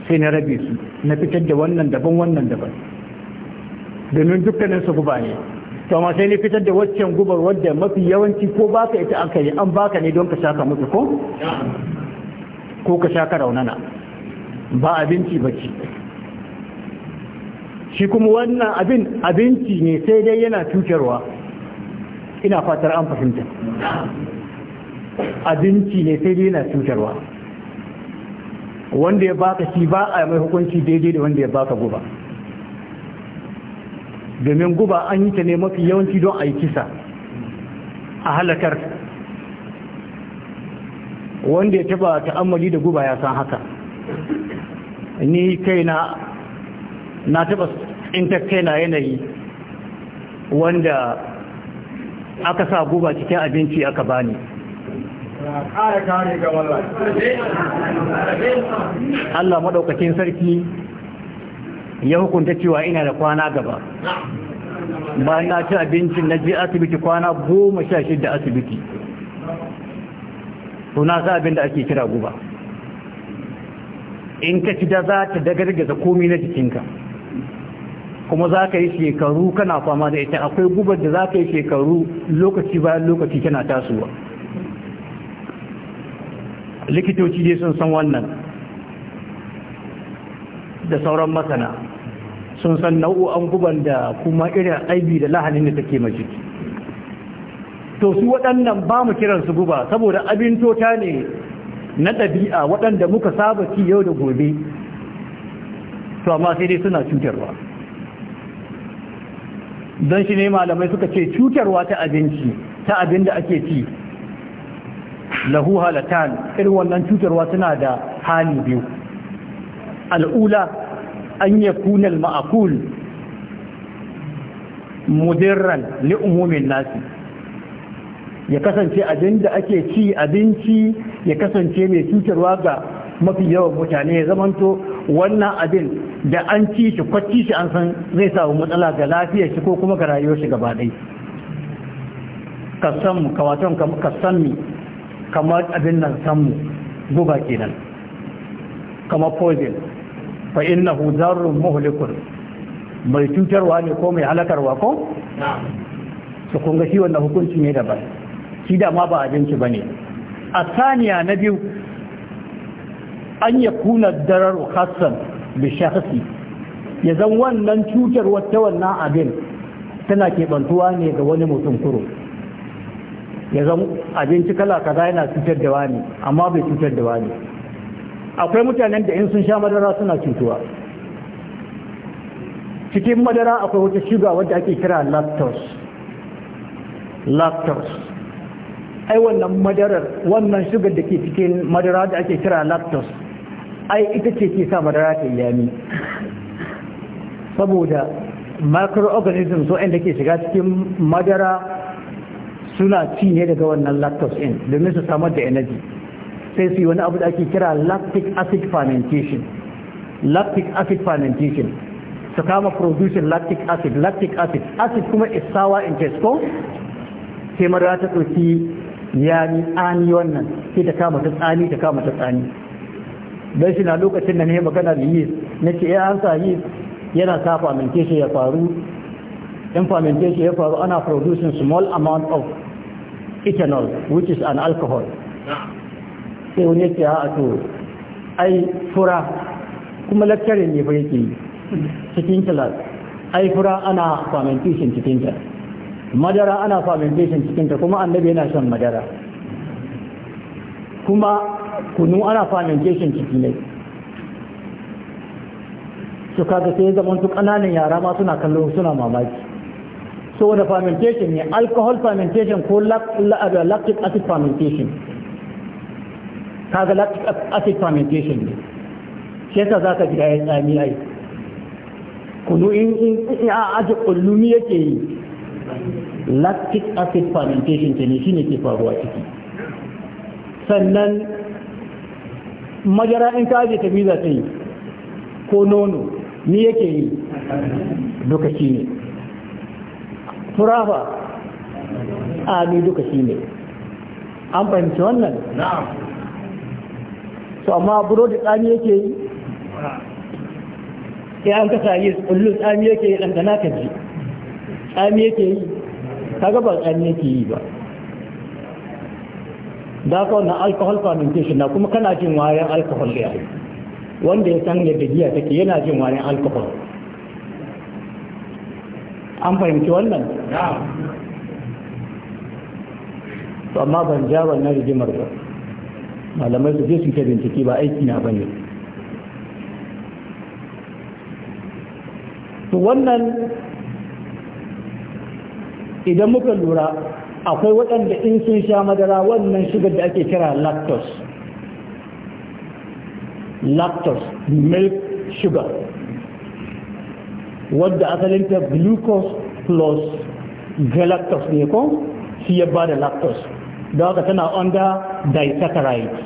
sai na rabe su na fitar da wannan daban wannan daban domin dukkanin su guba ne to amma sai ni fitar da waccan gubar wadda mafi yawanci ko baka ita aka yi an baka ne don ka shaka mutu ko ko ka shaka raunana ba abinci ba ci shi kuma wannan abin abinci ne sai dai yana cutarwa ina fatar an fahimta abinci ne sai dai yana cutarwa wanda ya baka shi ba a mai hukunci daidai da wanda ya baka guba domin guba an yi ta ne mafi yawanci don a yi kisa a halakar wanda ya taba ta'ammali da guba ya san haka ni kaina na taba intar kaina yanayi wanda aka sa guba cikin abinci aka bani Allah maɗaukakin sarki ya hukunta cewa ina da kwana gaba bayan na ci abincin na ji asibiti kwana goma sha shida asibiti suna sa abin da ake kira guba in ka ci da za ta dagargaza komi na jikinka kuma za ka yi shekaru kana fama da ita akwai gubar da za ka yi shekaru lokaci bayan lokaci kana tasowa likitoci dai sun san wannan da sauran masana sun san nau'o'an guban da kuma irin aibi da lahanin da take majiki to su waɗannan ba mu kiransu guba saboda abin tota ne na ɗabi'a waɗanda muka saba ci yau da gobe to amma sai dai suna cutarwa don shi ne malamai suka ce cutarwa ta abinci ta abin da ake ci lahu halatan irin wannan cutarwa tana da hali biyu al'ula an yi kunal ma'akul mudirran li umumin nasi ya kasance abin da ake ci abinci ya kasance mai cutarwa ga mafi yawan mutane ya zamanto wannan abin da an ci shi kwacci shi an san zai samu matsala ga lafiyar shi ko kuma ga rayuwar shi gaba ɗaya Ka san mu kamar abin nan mu guba kenan kamar poison fa innahu zarrun muhlikun mai cutarwa ne ko mai halakarwa ko su kun ga shi wannan hukunci ne daban shi da ma ba abinci bane a saniya na biyu an ya kuna darar hassan da shahasi ya zan wannan cutar wata wannan abin tana keɓantuwa ne ga wani mutum kuro ya zan abinci kala kaza yana cutar da wani amma bai cutar da wani akwai mutanen da in sun sha madara suna cutuwa cikin madara akwai wata shuga wadda ake kira lactose lactose ai wannan madarar wannan shugar da ke cikin madara da ake kira lactose ai ita ce ke sa madara ta yami saboda microorganisms waɗanda ke shiga cikin madara suna ci ne daga wannan lactose in domin su samar da energy sai su yi wani abu da ake kira lactic acid fermentation lactic acid fermentation su kama producing lactic acid lactic acid acid kuma isawa in taste sai madara ta ɗauki yani ani wannan sai ta kama ta tsani ta kama ta tsani don shi na lokacin da ne magana da yi na ce ya eh, an sa yi yana sa fermentation ya faru in fermentation ya faru ana producing small amount of ethanol which is an alcohol sai wani yake a ato ai fura kuma lakcare ne fa yake cikin class ai fura ana fermentation cikin ta madara ana fermentation cikin ta kuma annabi yana shan madara kuma kunu ana jeshin ciki ne su kaga sai zaman su ƙananan yara ma suna kallon suna mamaki so wanda fermentation ne alcohol fermentation ko eh, lactic acid fermentation kaga lactic acid fermentation ne shi yasa za ka ji ayi tsami ai kunu in a aji kullumi yake yi lactic acid fermentation ne shine ke faruwa ciki sannan Majara in ka aje ta za ta yi ko nono ni yake yi duka shi ne turafa a ni duka shi ne an fahimci wannan to amma burodi tsami yake yi ya an kasa yi kullu tsami yake yi ɗanɗana ka ji tsami yake yi ka gaba tsami yake yi ba da ka wannan alkohol fermentation na kuma kana jin wayan alkohol da yayi wanda ya san yadda giya take yana jin wayan alkohol an fahimci wannan to amma ban ja wannan rigimar ba malamai su je su ke bincike ba aiki na bane to wannan idan muka lura akwai waɗanda in sun sha madara wannan sugar da ake kira lactose lactose milk sugar wadda asalinta glucose plus galactose ne ko shi ya ba da lactose da haka tana under disaccharides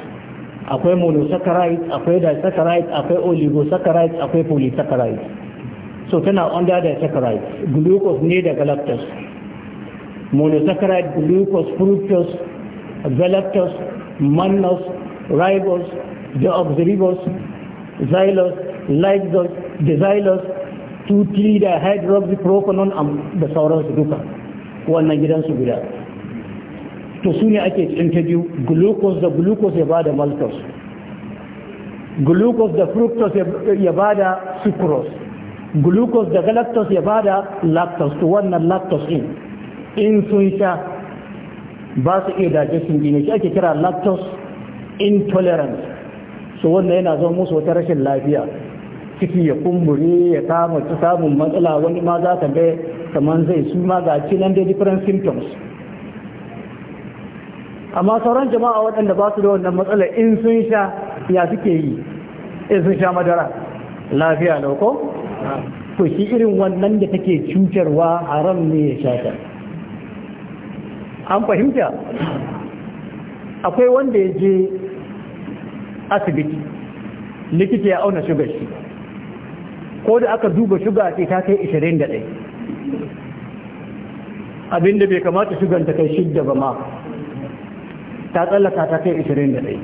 akwai monosaccharides akwai disaccharides akwai oligosaccharides akwai polysaccharides so tana under disaccharides glucose ne da galactose monosaccharide glucose fructose galactose mannose ribose deoxyribose xylose lysose dexylose 2 da hydroxypropanol da sauransu duka wannan gidansu guda to su ne ake tsinta biyu glucose da glucose ya bada maltose glucose da fructose ya bada sucrose glucose da galactose ya bada lactose to wannan lactose in in sun sha ba su iya digestion din shi ake kira lactose intolerance su wanda yana zama musu wata rashin lafiya ciki ya kumbure ya kama ta samun matsala wani ma za ka bai kamar zai su ma ga cinan da different symptoms amma sauran jama'a waɗanda ba su da wannan matsala in sun sha ya suke yi in sun sha madara lafiya lauko ku shi irin wannan da take cutarwa haram ne ya sha an fahimta akwai wanda ya je asibiti likita ya auna shugar shi ko da aka duba shugar ce ta kai 21 abinda bai kamata shugan ta kai shidda ba ma ta tsallaka ta kai 21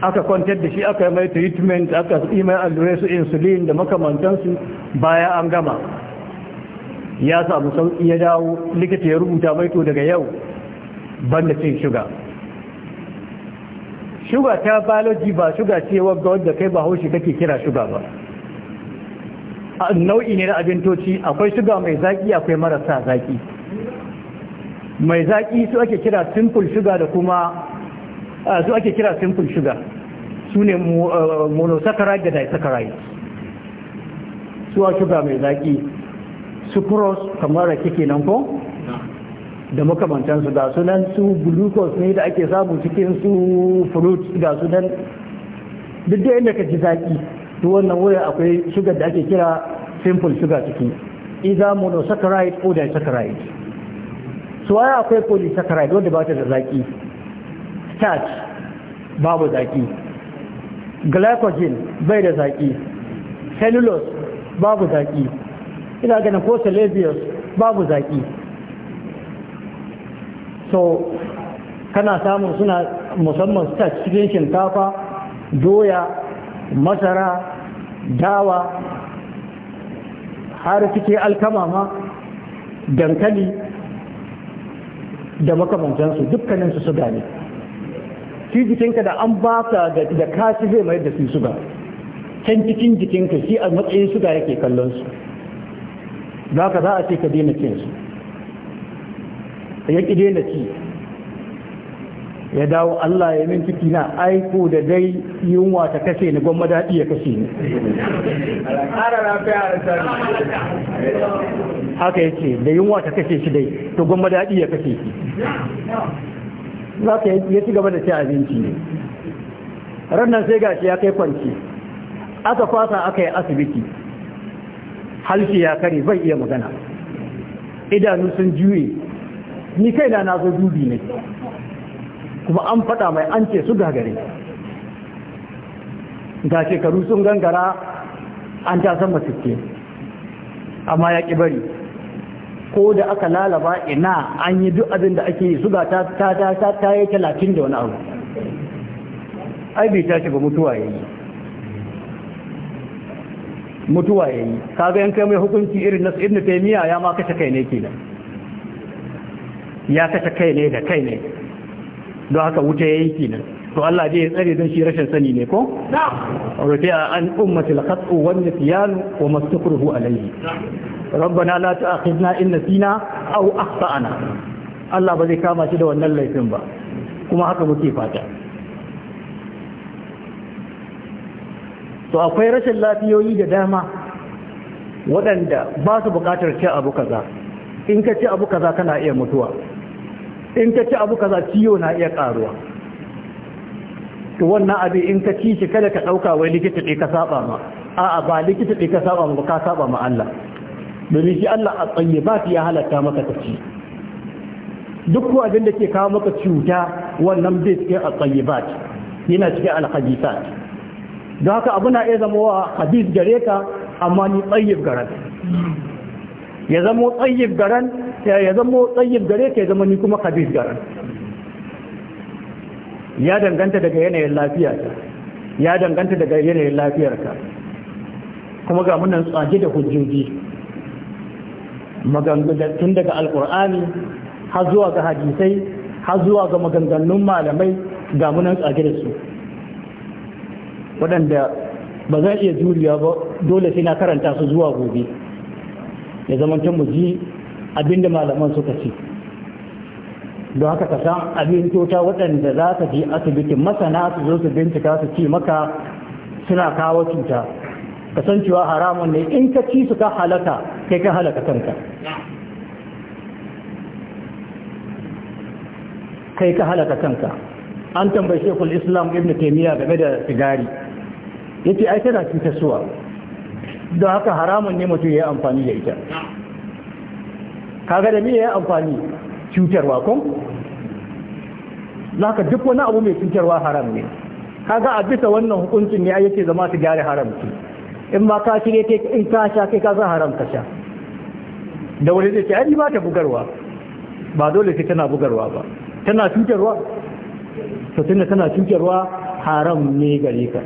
aka kwantar da shi aka yi mai treatment aka yi mai allurai su insulin da makamantansu baya an gama ya samu sauƙi ya dawo likita ya rubuta mai to daga yau banda cin shuga shuga ta biology ba shuga ce wadda wadda kai ba haushi kake kira shuga ba nau'i ne na abintoci akwai shuga mai zaki akwai marasa zaki mai zaki su ake kira simple shuga da kuma su ake kira simple shuga su ne eh, monosaccharide da disaccharide su a shuga mai zaki sucrose kamar da kike nan ko da su ga sunan su glucose ne da ake samu cikin su fruit ga sunan duk da inda ka ji zaki to wannan wurin akwai sugar da ake kira simple sugar ciki either monosaccharide ko disaccharide su waya akwai polysaccharide wanda ba ta da zaki starch babu zaki glycogen bai da zaki cellulose babu zaki ina ganin ko celebius babu zaƙi so kana samun suna musamman ta cikin shinkafa doya masara dawa har cikin alkama ma dankali da makamantansu dukkaninsu suga ne shi jikinka da an baka da kashi zai mai da su suga can cikin jikinka shi a matsayin suga yake kallon su za ka za a ce ka daina cin su ya ƙi daina ci ya dawo Allah ya min ciki na aiko da dai yunwa ta kashe ni gwamma daɗi ya kashe ni haka yake da yunwa ta kashe shi dai to gwamma daɗi ya kashe shi za ya ci gaba da ci abinci ne rannan sai gashi ya kai kwanci aka fasa aka yi asibiti halki ya kare bai iya magana idanu sun juye ni kaina na zo dubi ne kuma an faɗa mai an ce su gagare ga shekaru sun gangara an ta sama suke amma ya ƙi bari ko da aka lalaba ina an yi duk abin da ake yi su ga ta ta ta ta yi talatin da wani abu ai bai tashi ba mutuwa yayi mutuwa ya yi kaga yan kai mai hukunci irin nasu ibn taimiyya ya ma kashe kai ne ke nan, ya kashe kai ne da kai ne don haka wuta ya yi kenan to Allah dai ya tsare don shi rashin sani ne ko rufi'a an ummatil khat'u wani siyanu wa mastakruhu alayhi rabbana la tu'akhidna in nasina aw akhtana Allah ba zai kama shi da wannan laifin ba kuma haka muke fata to akwai rashin lafiyoyi da dama waɗanda ba su buƙatar ce abu kaza in ka ci abu kaza kana iya mutuwa in ka ci abu kaza ciwo na iya ƙaruwa to wannan abu in ka ci shi kada ka ɗauka wai likita ɗe ka saba ma a'a ba likita ɗe ka saba ma ka saba ma Allah domin shi Allah a tsaye ba ya halatta maka ka ci duk ko abin da ke kawo maka cuta wannan bai cikin a tsaye ba yana cikin alhajisat don haka abu na iya zama wa hadis gare ka amma ni tsayyib garan ya zama tsayyib garan ya zama tsayyib gare ka ya zama ni kuma hadis garan ya danganta daga yanayin lafiyarka ya danganta daga yanayin lafiyarka kuma ga munan tsage da hujjoji tun daga alkur'ani har zuwa ga hadisai har zuwa ga maganganun malamai ga munan tsage da su waɗanda ba zan iya juriya ba dole sai na karanta su zuwa gobe ya zamanta mu ji abinda malaman suka ce don haka ka san abin kyauta waɗanda za ka je asibitin masana su zo su bincika su ce maka suna kawo cuta cewa haramun ne in ka ci su ka halaka kai ka halaka kanka kai ka halaka kanka an tambayi shekul islam ibn taimiyya game da sigari yake ai tana cutarsuwa don haka haramun ne mutum ya yi amfani da ita kaga da me ya yi amfani cutarwa kun haka duk wani abu mai cutarwa haram ne kaga a bisa wannan hukuncin ne ai yake zama su gyara haramci in ma ka shirye kai in ka sha kai ka za haram ka sha da wani zai ce ai ba ta bugarwa ba dole sai tana bugarwa ba tana cutarwa to tunda tana cutarwa haram ne gare ka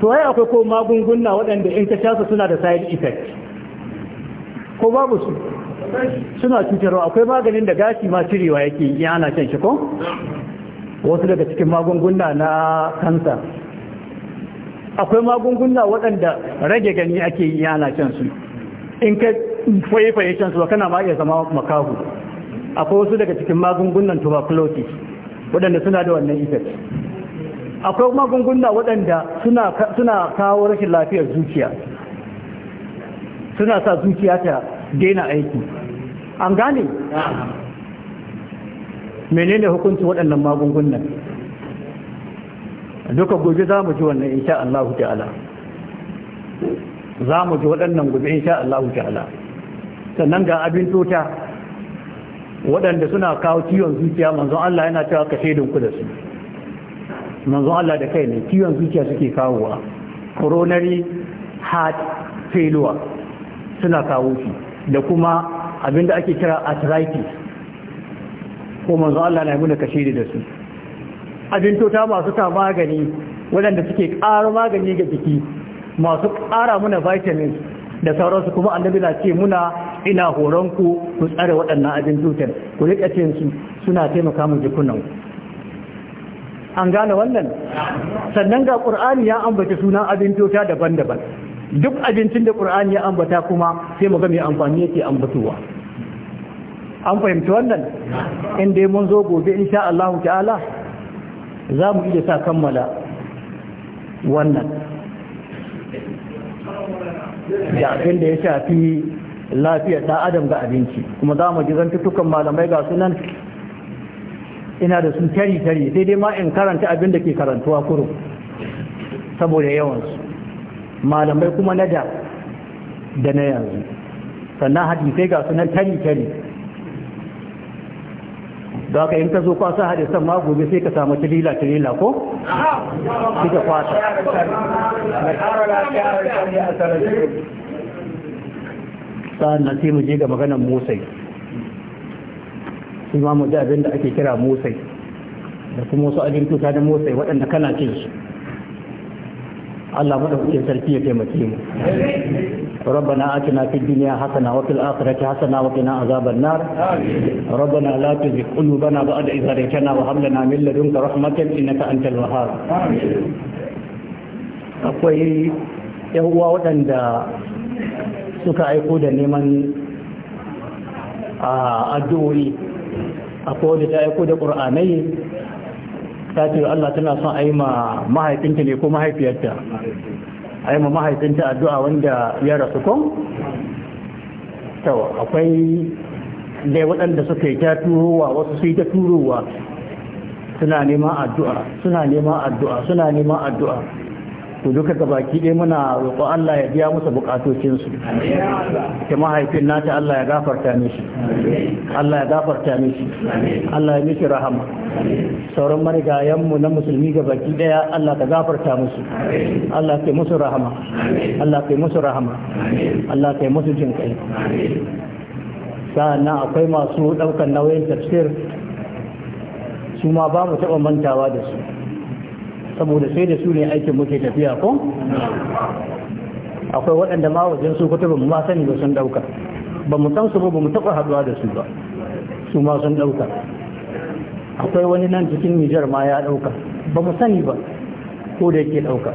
to ai akwai ko magunguna waɗanda in ka sha suna da side effect ko babu su suna cutarwa akwai maganin da gashi ma cirewa yake in ana can shi ko wasu daga cikin magunguna na kansa akwai magunguna waɗanda rage gani ake yi ana can su in ka faifaye can su kana ma iya zama makahu akwai wasu daga cikin magungunan tuberculosis waɗanda suna da wannan effect akwai magunguna waɗanda suna kawo rashin lafiyar zuciya suna sa zuciya ta daina aiki an gane menene hukunci waɗannan magungunan duka gobe za mu ji wannan insha Allah ta'ala za mu ji waɗannan gobe insha Allah ta'ala sannan ga abin tota waɗanda suna kawo ciwon zuciya manzon Allah yana cewa ka shaidin ku da su manzon Allah da kai ne kiwon zuciya suke kawowa coronary heart failure suna kawo shi da kuma abin da ake kira arthritis ko manzon Allah na muna kashe da su abin tota masu ta magani waɗanda suke ƙara magani ga jiki masu ƙara muna vitamins da sauransu kuma annabi na ce muna ina horon ku ku tsare waɗannan abin tutar ku riƙa cin su suna taimaka mu jikunan an gane wannan sannan ga ƙur'ani ya ambata sunan abincota daban-daban duk abincin da ƙur'ani ya ambata kuma sai mu ga mai amfani yake ambatuwa an fahimci wannan In inda mun zo gobe insha Allah ta'ala za mu iya sa kammala wannan da abin da ya shafi lafiyar ɗan adam ga abinci kuma za mu ji zantuttukan malamai ga sunan ina da sun tari tari sai dai ma in karanta abin da ke karantuwa kurum saboda yawansu malamai kuma na da da na yanzu sannan hadisai ga sunan tari tari da aka in ka zo kwasa hadisan ma gobe sai ka samu tilila tilila ko kika kwasa sa'an nan sai mu je ga maganar musai shi ma mu ji abin da ake kira motsai da kuma wasu abincuta da motsai waɗanda kana cin su Allah madaukakin sarki ya taimake mu ربنا آتنا في الدنيا حسنة وفي الآخرة حسنة وقنا عذاب النار ربنا لا تزغ قلوبنا بعد إذ هديتنا وهب لنا من لدنك رحمة إنك أنت الوهاب akwai yahuwa waɗanda suka aiko da neman ah, addu'o'i akwai wanda ta aiko da ƙur'anai ta ce Allah tana son a yi ma mahaifinta ne ko mahaifiyarta a yi ma mahaifinta addu'a wanda ya rasu kun tawa akwai dai waɗanda suka yi ta turowa wasu su yi ta turowa suna neman addu'a suna neman addu'a suna neman addu'a to duka gabaki dai muna roƙo Allah ya biya musu bukatocinsu ta mahaifin nata Allah ya gafarta mishi Allah ya gafarta mishi Allah ya mishi rahama sauran marigayenmu na musulmi gabaki daya Allah ka gafarta musu Allah ka musu rahama Allah ka musu rahama Allah ka musu jinkai sa'annan akwai masu ɗaukar nauyin tafsir su ma ba mu taɓa mantawa da su saboda sai da su ne aikin muke tafiya ko akwai waɗanda ma wajen su kuta ba mu ma sani ba sun ɗauka ba mu san su ba mu taɓa haɗuwa da su ba su ma sun ɗauka akwai wani nan cikin nijar ma ya ɗauka ba mu sani ba ko da yake ɗauka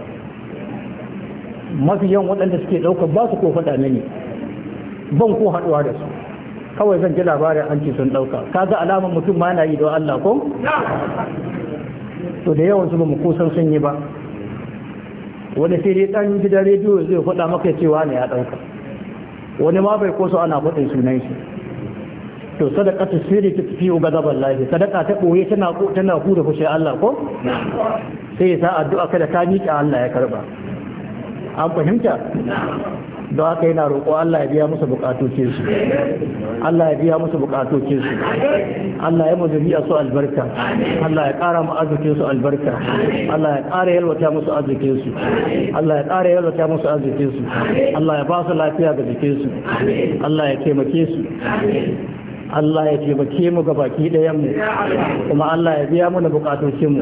mafi yawan waɗanda suke ɗauka ba su ko faɗa mini ban ko haɗuwa da su kawai zan ji labarin an ce sun ɗauka ka ga alamar mutum ma yana yi don Allah ko to da yawan su ba mu kusan sun yi ba wani sai dai ɗan gidan rediyo zai faɗa maka cewa ne ya ɗauka wani ma bai koso ana faɗin sunan shi to sadaka ta sirri ta fi ga gaza lahi sadaka ta ɓoye tana tana hura fushin Allah ko sai ya sa addu'a kada ta miƙa Allah ya karba an fahimta don haka yana roƙo Allah ya biya musu bukatocin su Allah ya biya musu bukatocin su Allah ya mazuri su albarka Allah ya ƙara mu arzikin su albarka Allah ya ƙara yalwata musu arzikin su Allah ya ƙara yalwata musu arzikin su Allah ya ba su lafiya ga jikin su Allah ya taimake su Allah ya taimake mu ga baki ɗayan mu kuma Allah ya biya mana bukatocin mu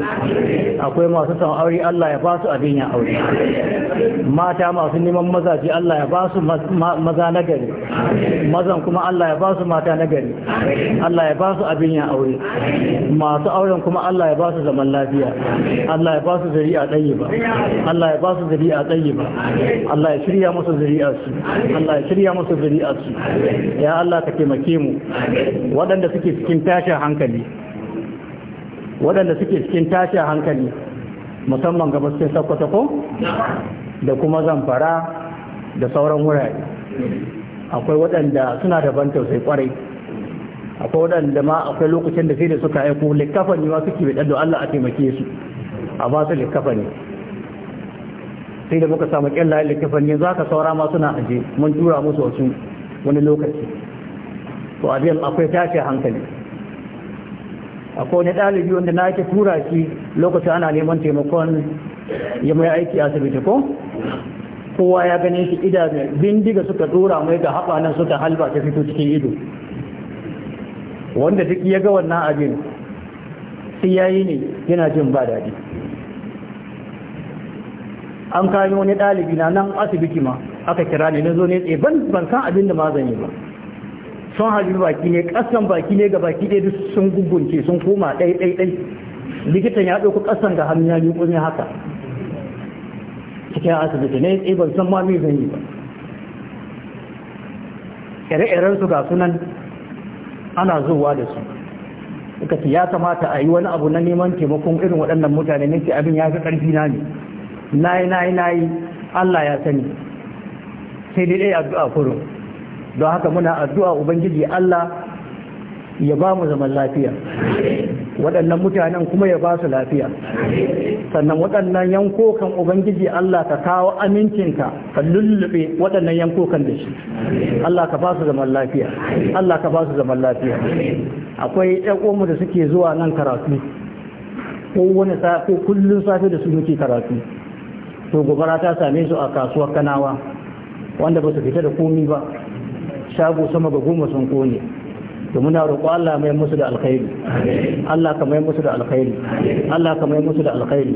akwai masu son aure Allah ya ba su abin ya aure mata masu neman mazaje Allah ya ba su maza na gari mazan kuma Allah ya ba su mata na gari Allah ya ba su abin ya aure masu auren kuma Allah ya ba su zaman lafiya Allah ya ba su zuri'a ɗayyiba Allah ya ba su zuri'a ɗayyiba Allah ya shirya musu su. Allah ya shirya musu su. ya Allah ka taimake mu waɗanda suke cikin tashin hankali waɗanda suke cikin tashin hankali musamman gaba cikin sakwatako da kuma zamfara da sauran wurare akwai waɗanda suna da ban tausayi kwarai akwai waɗanda ma akwai lokacin da sai da suka aiko likafa ne ma suke bai ɗan Allah a taimake su a ba su likafa ne sai da muka samu ƙyan layin likafa ne za ka saura ma suna aje mun tura musu wasu wani lokaci to abin akwai tashi hankali akwai wani ɗalibi wanda na ake tura shi lokacin ana neman taimakon ya mai aiki a asibiti ko kowa ya gane shi mai bindiga suka tura mai ga haɓa nan suka halba ta fito cikin ido wanda duk ya ga wannan abin sai ya yi ne yana jin ba daɗi an kayo wani ɗalibi na nan asibiti ma aka kira ne na zo ne tsaye ban ban san abin da ma zan yi ba sun halin baki ne ƙasan baki ne ga baki ɗaya duk sun gugunce sun koma ɗai ɗai likitan ya ɗauku ƙasan ga hannun ya yuƙo ne haka cikin asibiti ne ya eh, ban san ma zan yi ba ire-iren ga sunan ana zuwa da su suka ya kamata a yi wani abu na neman taimakon irin waɗannan mutane ne ke abin ya fi ƙarfi na ne nayi nayi nayi Allah ya sani sai dai ɗaya addu'a kurum don haka muna addu'a ubangiji Allah ya ba mu zaman lafiya waɗannan mutanen kuma ya ba su lafiya sannan waɗannan yankokan ubangiji Allah ka kawo amincinka ka lullube waɗannan yankokan da shi Allah ka ba su zaman lafiya Allah ka ba su zaman lafiya akwai ɗan’omu da suke zuwa nan karatu ko wani safe kullun safe da su muke karatu to gobara ta same su a kasuwar kanawa wanda ba su fita da komi ba shago sama ga goma sun kone to muna roƙo Allah mai musu da alkhairi Allah ka mai musu da alkhairi Allah ka mai musu da alkhairi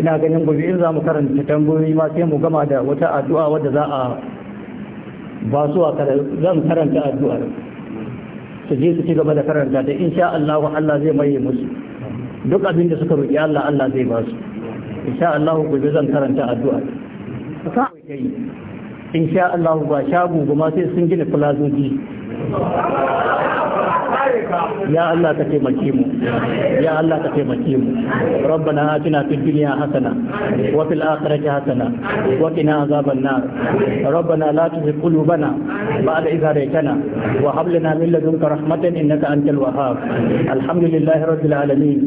ina ganin gobe in za mu karanta tambayoyi ma sai mu gama da wata addu'a wadda za a ba su a zan karanta addu'ar su je su ci gaba da karanta da insha Allah Allah zai maye musu duk abin da suka roƙi Allah Allah zai ba su insha Allah gobe zan karanta addu'ar in sha Allah ba shago goma sai sun gina filazoji ya Allah ka taimake mu ya Allah ka taimake mu rabbana atina fid dunya hasana wa fil akhirati hasana wa qina azaban nar rabbana la tuzigh qulubana ba'da idh hadaytana wa hab lana min ladunka rahmatan innaka antal wahhab alhamdulillahi rabbil alamin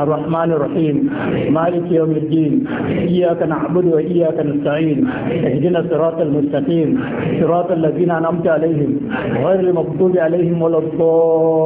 arrahmanir rahim maliki yawmiddin iyyaka na'budu wa iyyaka nasta'in اهدنا الصراط المستقيم صراط الذين انعمت عليهم غير المغضوب عليهم ولا الضالين